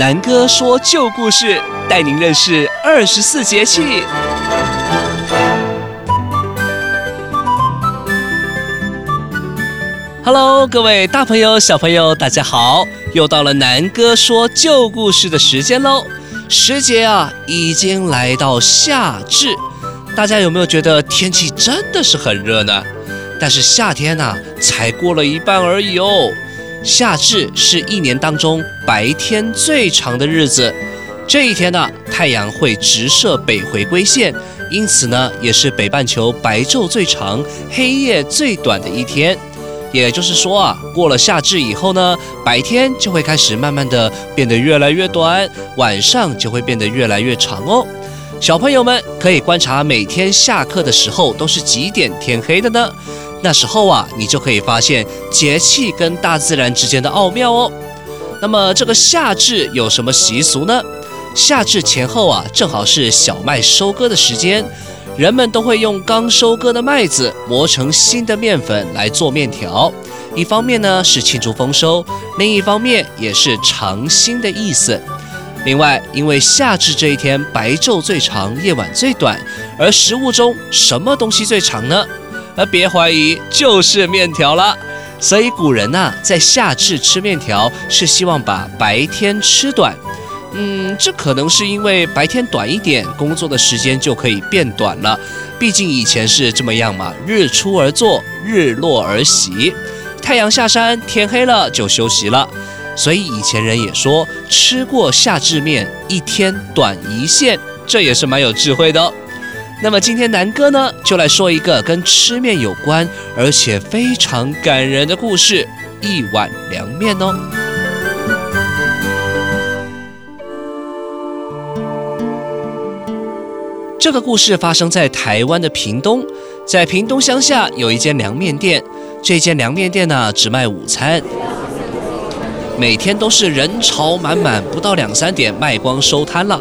南哥說舊故事，帶您認識二十四節氣。Hello，各位大朋友、小朋友，大家好！又到了南哥說舊故事的時間嘍。時節啊，已經來到夏至，大家有沒有覺得天氣真的是很熱呢？但是夏天呢、啊，才過了一半而已哦。夏至是一年當中白天最長的日子，這一天呢、啊，太陽會直射北回歸線，因此呢，也是北半球白晝最長、黑夜最短的一天。也就是說啊，過了夏至以後呢，白天就會開始慢慢的變得越來越短，晚上就會變得越來越長哦。小朋友們可以觀察每天下課的時候都是幾點天黑的呢？那時候啊，你就可以發現節氣跟大自然之間的奧妙哦。那麼這個夏至有什麼習俗呢？夏至前後啊，正好是小麥收割的時間，人們都會用剛收割的麥子磨成新的麵粉來做面條。一方面呢是慶祝豐收，另一方面也是嘗新的意思。另外，因為夏至這一天白晝最長，夜晚最短，而食物中什麼東西最長呢？而別懷疑，就是麵條了。所以古人吶、啊，在夏至吃麵條，是希望把白天吃短。嗯，這可能是因為白天短一點，工作的時間就可以變短了。畢竟以前是這麼樣嘛，日出而作，日落而息。太陽下山，天黑了就休息了。所以以前人也說，吃過夏至麵，一天短一線，這也是蠻有智慧的。那麼今天南哥呢，就來說一個跟吃麵有關，而且非常感人的故事——一碗涼麵哦。這個故事發生在台灣的屏東，在屏東鄉下有一間涼麵店，這間涼麵店呢只賣午餐，每天都是人潮滿滿，不到兩三點賣光收攤了。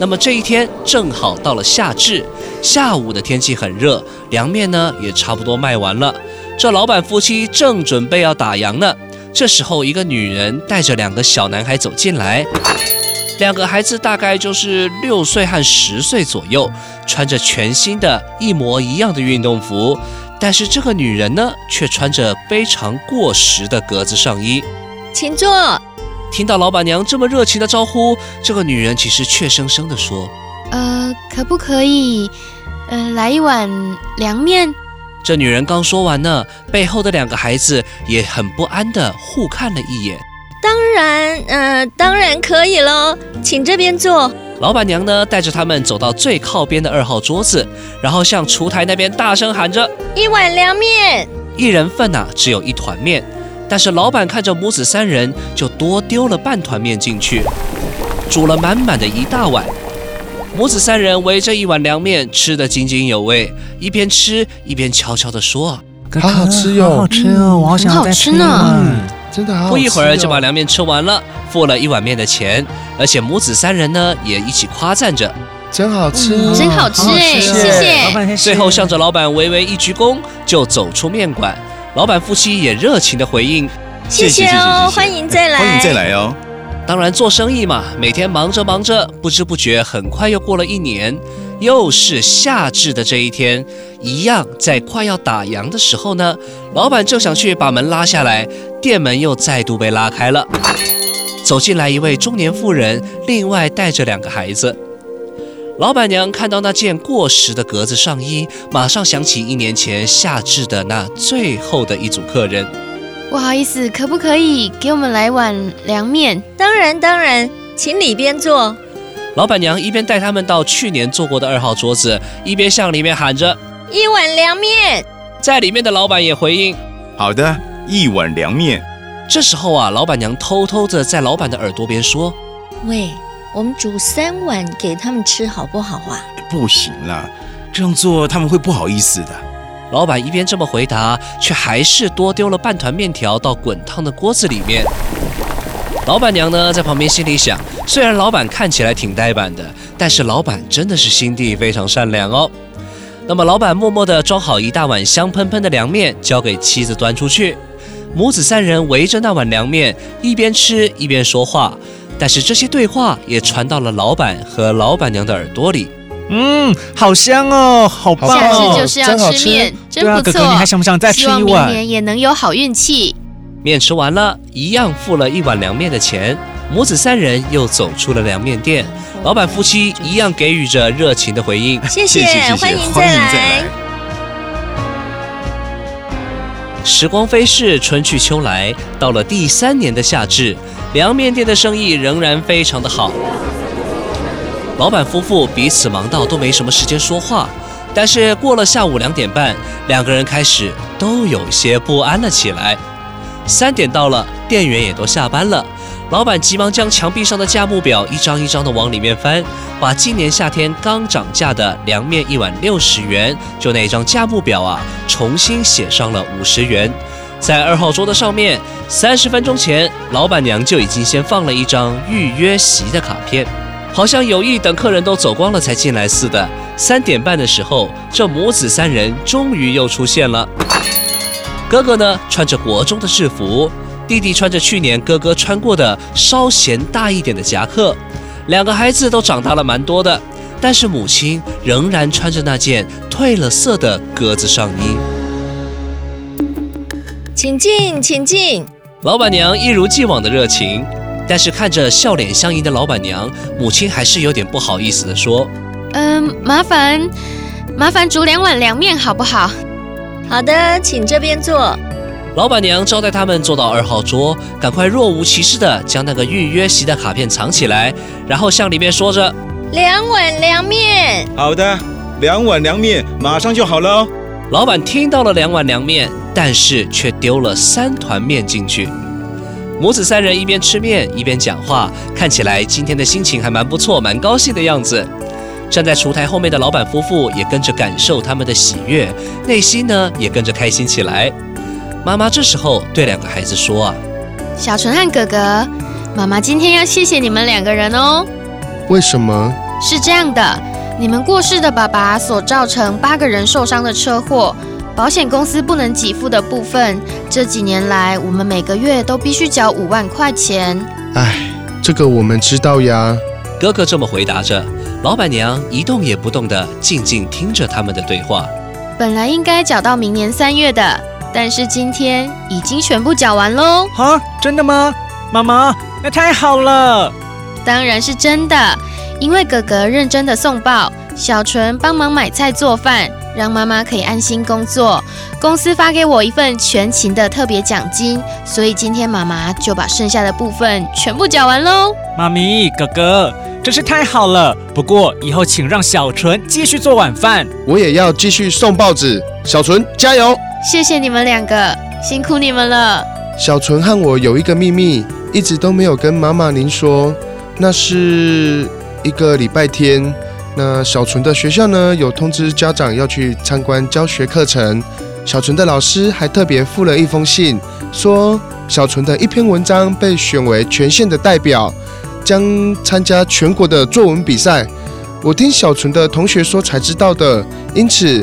那麼這一天正好到了夏至，下午的天氣很熱，涼面呢也差不多賣完了。這老板夫妻正準備要打烊呢，這時候一個女人帶着兩個小男孩走進來，兩個孩子大概就是六歲和十歲左右，穿着全新的一模一樣的運動服，但是這個女人呢卻穿着非常過時的格子上衣，請坐。聽到老闆娘這麼熱情的招呼，這個女人只是怯生生地說：“呃，可不可以，呃，來一碗涼麵？”這女人剛說完呢，背後的兩個孩子也很不安的互看了一眼。當然，呃，當然可以嘍，請這邊坐。老闆娘呢，帶着他們走到最靠邊的二號桌子，然後向廚檯那邊大聲喊着：“一碗涼麵，一人份吶，只有一團麵。”但是老闆看着母子三人，就多丟了半團麵進去，煮了滿滿的一大碗。母子三人圍着一碗涼麵，吃得津津有味，一邊吃一邊悄悄地說：“好好吃喲，好吃哦，嗯、好好吃呢。嗯”真的好，好吃、哦。不一會兒就把涼麵吃完了，付了一碗麵的錢，而且母子三人呢也一起誇讚着：“真好吃，真好吃、啊、謝謝。謝謝”最後向着老闆微微一鞠躬，就走出麵館。老闆夫妻也熱情的回應：“謝謝哦，謝謝謝謝歡迎再來，歡迎再來哦。”當然，做生意嘛，每天忙着忙着，不知不覺，很快又過了一年，又是夏至的這一天，一樣在快要打烊的時候呢，老闆就想去把門拉下來，店門又再度被拉開了，走進來一位中年婦人，另外帶着兩個孩子。老闆娘看到那件過時的格子上衣，馬上想起一年前夏至的那最後的一組客人。不好意思，可不可以給我們來碗涼麵？當然，當然，請裡邊坐。老闆娘一邊帶他們到去年坐過的二號桌子，一邊向裡面喊着：“一碗涼麵。”在裡面的老闆也回應：“好的，一碗涼麵。”這時候啊，老闆娘偷偷地在老闆的耳朵邊說：“喂。”我們煮三碗給他們吃，好不好啊？欸，不行啦，這樣做他們會不好意思的。老板一邊這麼回答，卻還是多丟了半團面條到滾燙的鍋子裡面。老板娘呢，在旁邊心裡想：雖然老板看起來挺呆板的，但是老板真的是心地非常善良哦。那麼，老板默默地裝好一大碗香噴噴的涼麵，交給妻子端出去。母子三人圍着那碗涼麵，一邊吃一邊說話。但是這些對話也傳到了老闆和老闆娘的耳朵裡。嗯，好香哦，好棒哦，真好吃，真不錯。你還想不想再吃一碗？希望明年也能有好運氣。麵吃完了，一樣付了一碗涼麵的錢，母子三人又走出了涼麵店。老闆夫妻一樣給予着熱情的回應謝謝謝謝，歡迎再來。謝謝時光飛逝，春去秋來，到了第三年的夏至，涼麵店的生意仍然非常的好。老闆夫婦彼此忙到都沒什麼時間說話，但是過了下午兩點半，兩個人開始都有些不安了起來。三點到了，店員也都下班了。老闆急忙將牆壁上的價目表一張一張地往裡面翻，把今年夏天剛漲價的涼麵一碗六十元，就那張價目表啊，重新寫上了五十元。在二號桌的上面，三十分鐘前，老闆娘就已經先放了一張預約席的卡片，好像有意等客人都走光了才進來似的。三點半的時候，這母子三人終於又出現了。哥哥呢，穿着國中的制服。弟弟穿着去年哥哥穿過的稍嫌大一點的夾克，兩個孩子都長大了蠻多的，但是母親仍然穿着那件褪了色的格子上衣。請進，請進。老板娘一如既往的熱情，但是看着笑臉相迎的老板娘，母親還是有點不好意思的說：“嗯、呃，麻煩麻煩煮兩碗涼麵好不好？好的，請這邊坐。”老板娘招待他們坐到二號桌，趕快若無其事地將那個預約席的卡片藏起來，然後向裡面說着：“兩碗涼麵。”“好的，兩碗涼麵，馬上就好了哦。”老板聽到了兩碗涼麵，但是卻丟了三團麵進去。母子三人一邊吃麵一邊講話，看起來今天的心情還蠻不錯，蠻高興的樣子。站在廚台後面的老板夫婦也跟着感受他們的喜悅，內心呢也跟着開心起來。媽媽這時候對兩個孩子說：“啊，小純和哥哥，媽媽今天要謝謝你們兩個人哦。為什麼？是這樣的，你們過世的爸爸所造成八個人受傷的車禍，保險公司不能給付的部分，這幾年來我們每個月都必須繳五萬塊錢。唉，這個我們知道呀。”哥哥這麼回答着，老闆娘一動也不動地靜靜聽着他們的對話。本來應該繳到明年三月的。但是今天已經全部繳完嘍！哈，真的嗎？媽媽，那太好了！當然是真的，因為哥哥認真的送報，小純幫忙買菜做飯，讓媽媽可以安心工作。公司發給我一份全勤的特別獎金，所以今天媽媽就把剩下的部分全部繳完嘍。媽咪，哥哥，真是太好了！不過以後請讓小純繼續做晚飯，我也要繼續送報紙。小純，加油！謝謝你們兩個，辛苦你們了。小純和我有一個秘密，一直都沒有跟媽媽您說。那是一個禮拜天，那小純的學校呢，有通知家長要去參觀教學課程。小純的老師還特別附了一封信，說小純的一篇文章被選為全縣的代表，將參加全國的作文比賽。我聽小純的同學說才知道的，因此。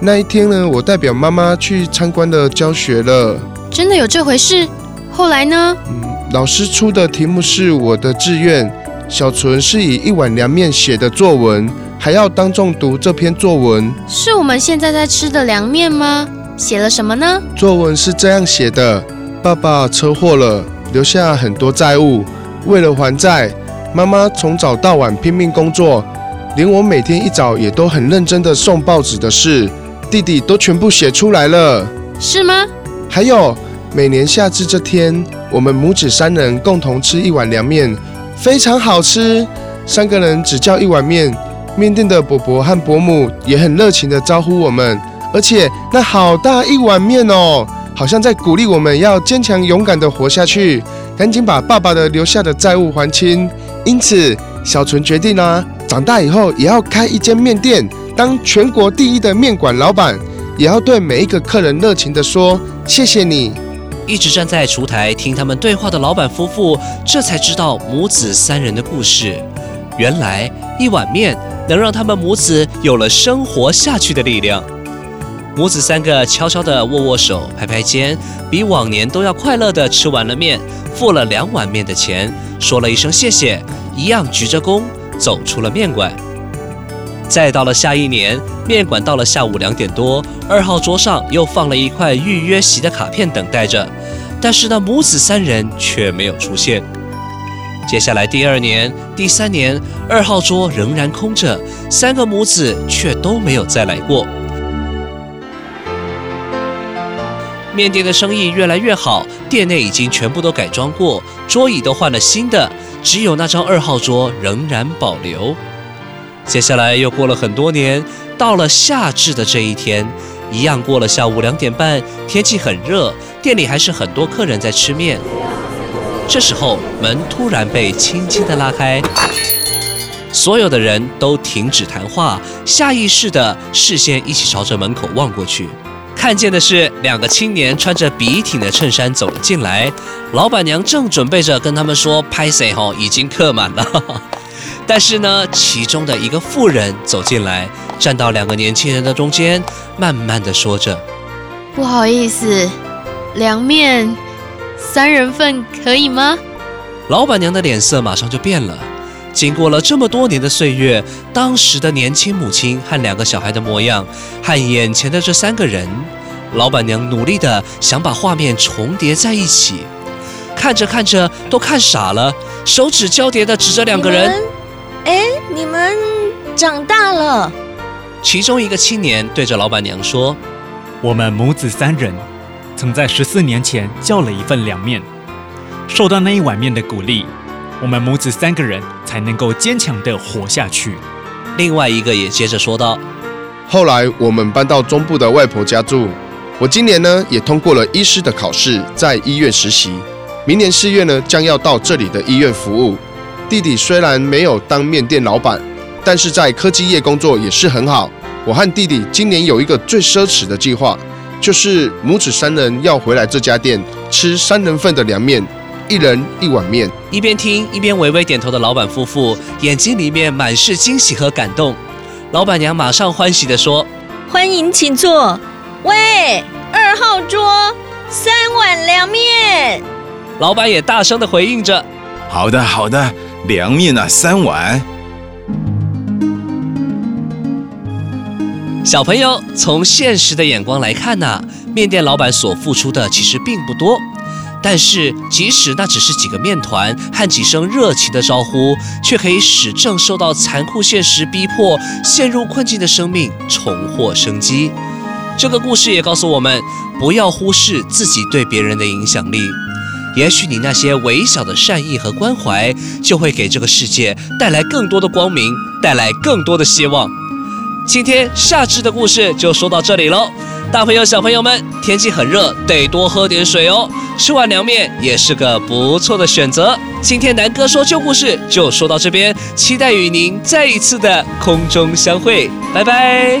那一天呢，我代表媽媽去參觀了教學了。真的有這回事？後來呢？嗯，老師出的題目是我的志願。小純是以一碗涼麵寫的作文，還要當眾讀這篇作文。是我們現在在吃的涼麵嗎？寫了什麼呢？作文是這樣寫的：爸爸車禍了，留下很多債務，為了還債，媽媽從早到晚拼命工作，連我每天一早也都很認真地送報紙的事。弟弟都全部寫出來了，是嗎？還有，每年夏至這天，我們母子三人共同吃一碗涼麵，非常好吃。三個人只叫一碗麵，麵店的伯伯和伯母也很熱情地招呼我們，而且那好大一碗麵哦，好像在鼓勵我們要堅強勇敢地活下去。趕緊把爸爸的留下的債務還清。因此，小純決定啊，長大以後也要開一間麵店。當全國第一的麵館老闆，也要對每一個客人熱情地說：“謝謝你！”一直站在廚台聽他們對話的老闆夫婦，這才知道母子三人的故事。原來一碗麵能讓他們母子有了生活下去的力量。母子三個悄悄地握握手，拍拍肩，比往年都要快樂地吃完了麵，付了兩碗麵的錢，說了一聲謝謝，一樣鞠着躬走出了麵館。再到了下一年，麵館到了下午兩點多，二號桌上又放了一塊預約席的卡片，等待着。但是那母子三人卻沒有出現。接下來第二年、第三年，二號桌仍然空着，三個母子卻都沒有再來過。麵店的生意越來越好，店內已經全部都改裝過，桌椅都換了新的，只有那張二號桌仍然保留。接下來又過了很多年，到了夏至的這一天，一樣過了下午兩點半，天氣很熱，店裡還是很多客人在吃麵。這時候門突然被輕輕的拉開，所有的人都停止談話，下意識的視線一起朝着門口望過去，看見的是兩個青年穿着筆挺的襯衫走了進來，老闆娘正準備着跟他們說，拍謝喔，已經客滿了，哈哈。但是呢，其中的一個婦人走進來，站到兩個年輕人的中間，慢慢的說着：“不好意思，涼麵三人份可以嗎？”老板娘的臉色馬上就變了。經過了這麼多年的歲月，當時的年輕母親和兩個小孩的模樣，和眼前的這三個人，老板娘努力的想把畫面重疊在一起，看着看着都看傻了，手指交疊的指着兩個人。哎，你們長大了。其中一個青年對着老板娘說：“我們母子三人，曾在十四年前叫了一份涼麵，受到那一碗麵的鼓勵，我們母子三個人才能夠堅強的活下去。”另外一個也接着說道：“後來我們搬到中部的外婆家住，我今年呢也通過了醫師的考試，在醫院實習，明年四月呢將要到這裡的醫院服務。”弟弟雖然沒有當麵店老板，但是在科技業工作也是很好。我和弟弟今年有一個最奢侈的計劃，就是母子三人要回來這家店吃三人份的涼麵，一人一碗麵。一邊聽一邊微微點頭的老板夫婦，眼睛裡面滿是驚喜和感動。老板娘馬上歡喜地說：“歡迎，請坐。喂，二號桌，三碗涼麵。”老板也大聲地回應着：“好的，好的。”涼麵那三碗。小朋友，從現實的眼光來看呢、啊，麵店老板所付出的其實並不多，但是即使那只是幾個麵團和幾聲熱情的招呼，卻可以使正受到殘酷現實逼迫、陷入困境的生命重獲生機。這個故事也告訴我們，不要忽視自己對別人的影響力。也許你那些微小的善意和關懷，就會給這個世界帶來更多的光明，帶來更多的希望。今天夏至的故事就說到這裡嘍，大朋友小朋友們，天氣很熱，得多喝點水哦。吃完涼麵也是個不錯的選擇。今天南哥說舊故事就說到這邊，期待與您再一次的空中相會，拜拜。